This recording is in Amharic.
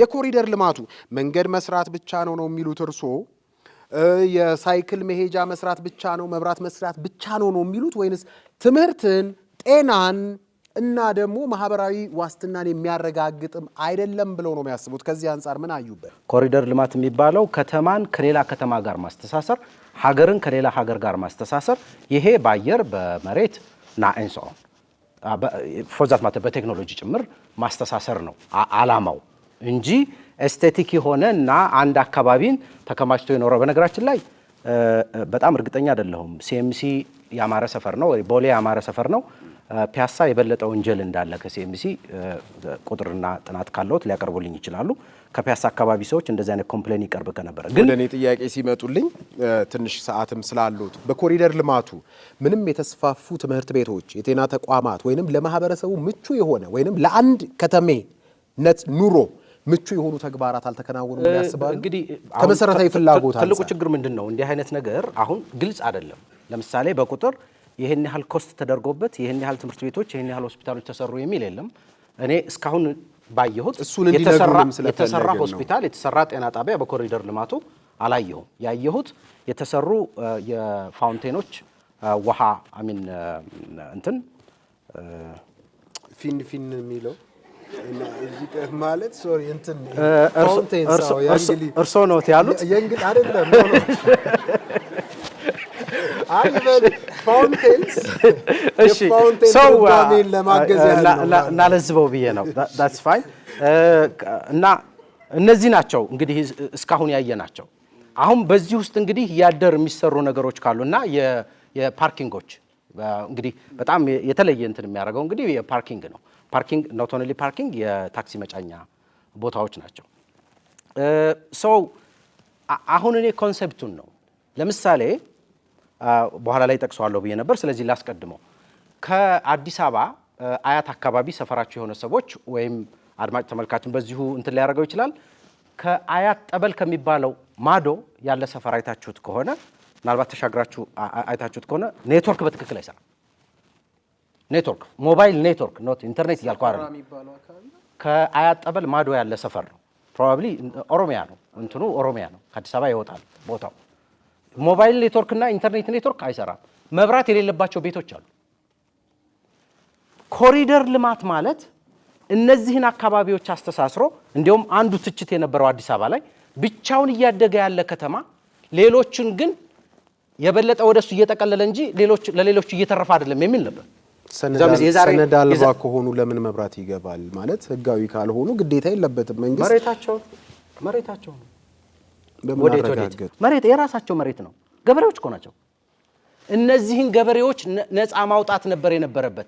የኮሪደር ልማቱ መንገድ መስራት ብቻ ነው ነው የሚሉት እርስዎ? የሳይክል መሄጃ መስራት ብቻ ነው፣ መብራት መስራት ብቻ ነው ነው የሚሉት ወይንስ ትምህርትን፣ ጤናን እና ደግሞ ማህበራዊ ዋስትናን የሚያረጋግጥም አይደለም ብለው ነው የሚያስቡት? ከዚህ አንጻር ምን አዩበት? ኮሪደር ልማት የሚባለው ከተማን ከሌላ ከተማ ጋር ማስተሳሰር፣ ሀገርን ከሌላ ሀገር ጋር ማስተሳሰር፣ ይሄ በአየር በመሬት ና ኢንሶ ፎዛት ማተ በቴክኖሎጂ ጭምር ማስተሳሰር ነው አላማው። እንጂ ኤስቴቲክ የሆነ እና አንድ አካባቢን ተከማችቶ የኖረው በነገራችን ላይ በጣም እርግጠኛ አይደለሁም። ሲኤምሲ ያማረ ሰፈር ነው፣ ቦሌ ያማረ ሰፈር ነው። ፒያሳ የበለጠ ወንጀል እንዳለ ከሲኤምሲ ቁጥርና ጥናት ካለዎት ሊያቀርቡልኝ ይችላሉ። ከፒያሳ አካባቢ ሰዎች እንደዚህ አይነት ኮምፕሌን ይቀርብ ከነበረ ግን ወደ እኔ ጥያቄ ሲመጡልኝ ትንሽ ሰዓትም ስላሉት በኮሪደር ልማቱ ምንም የተስፋፉ ትምህርት ቤቶች፣ የጤና ተቋማት ወይንም ለማህበረሰቡ ምቹ የሆነ ወይንም ለአንድ ከተሜ ነት ኑሮ ምቹ የሆኑ ተግባራት አልተከናወኑም ያስባሉ። እንግዲህ ከመሰረታዊ ፍላጎት ትልቁ ችግር ምንድን ነው? እንዲህ አይነት ነገር አሁን ግልጽ አይደለም። ለምሳሌ በቁጥር ይህን ያህል ኮስት ተደርጎበት ይህን ያህል ትምህርት ቤቶች ይህን ያህል ሆስፒታሎች ተሰሩ የሚል የለም። እኔ እስካሁን ባየሁት የተሰራ ሆስፒታል የተሰራ ጤና ጣቢያ በኮሪደር ልማቱ አላየሁም። ያየሁት የተሰሩ የፋውንቴኖች ውሃ አሚን እንትን ፊን ፊን የሚለው ማለት ሶሪ እንትን እርሶ ነዎት ያሉት የእንግዲህ አይደለም እና ብዬ ነው። ዳትስ ፋይን እና እነዚህ ናቸው እንግዲህ እስካሁን ያየናቸው። አሁን በዚህ ውስጥ እንግዲህ እያደር የሚሰሩ ነገሮች ካሉ እና የፓርኪንጎች እንግዲህ በጣም የተለየ እንትን የሚያደርገው እንግዲህ የፓርኪንግ ነው። ፓርኪንግ ኖት ኦንሊ ፓርኪንግ የታክሲ መጫኛ ቦታዎች ናቸው። ሰው አሁን እኔ ኮንሰፕቱን ነው ለምሳሌ በኋላ ላይ ጠቅሰዋለሁ ብዬ ነበር። ስለዚህ ላስቀድመው። ከአዲስ አበባ አያት አካባቢ ሰፈራቸው የሆነ ሰዎች ወይም አድማጭ ተመልካችን በዚሁ እንትን ሊያደርገው ይችላል። ከአያት ጠበል ከሚባለው ማዶ ያለ ሰፈር አይታችሁት ከሆነ ምናልባት ተሻግራችሁ አይታችሁት ከሆነ ኔትወርክ በትክክል አይሰራም። ኔትወርክ ሞባይል ኔትወርክ ኖት ኢንተርኔት እያልኩ አይደለም። ከአያት ጠበል ማዶ ያለ ሰፈር ነው። ፕሮባብሊ ኦሮሚያ ነው እንትኑ ኦሮሚያ ነው። ከአዲስ አበባ ይወጣል ቦታው። ሞባይል ኔትወርክ እና ኢንተርኔት ኔትወርክ አይሰራም። መብራት የሌለባቸው ቤቶች አሉ። ኮሪደር ልማት ማለት እነዚህን አካባቢዎች አስተሳስሮ እንዲሁም አንዱ ትችት የነበረው አዲስ አበባ ላይ ብቻውን እያደገ ያለ ከተማ ሌሎችን ግን የበለጠ ወደሱ እየጠቀለለ እንጂ ሌሎች ለሌሎች እየተረፈ አይደለም የሚል ነበር። ሰነድ አልባ ከሆኑ ለምን መብራት ይገባል ማለት ህጋዊ ካልሆኑ ግዴታ የለበትም መንግስት። መሬታቸው መሬታቸው መሬት የራሳቸው መሬት ነው፣ ገበሬዎች እኮ ናቸው። እነዚህን ገበሬዎች ነፃ ማውጣት ነበር የነበረበት።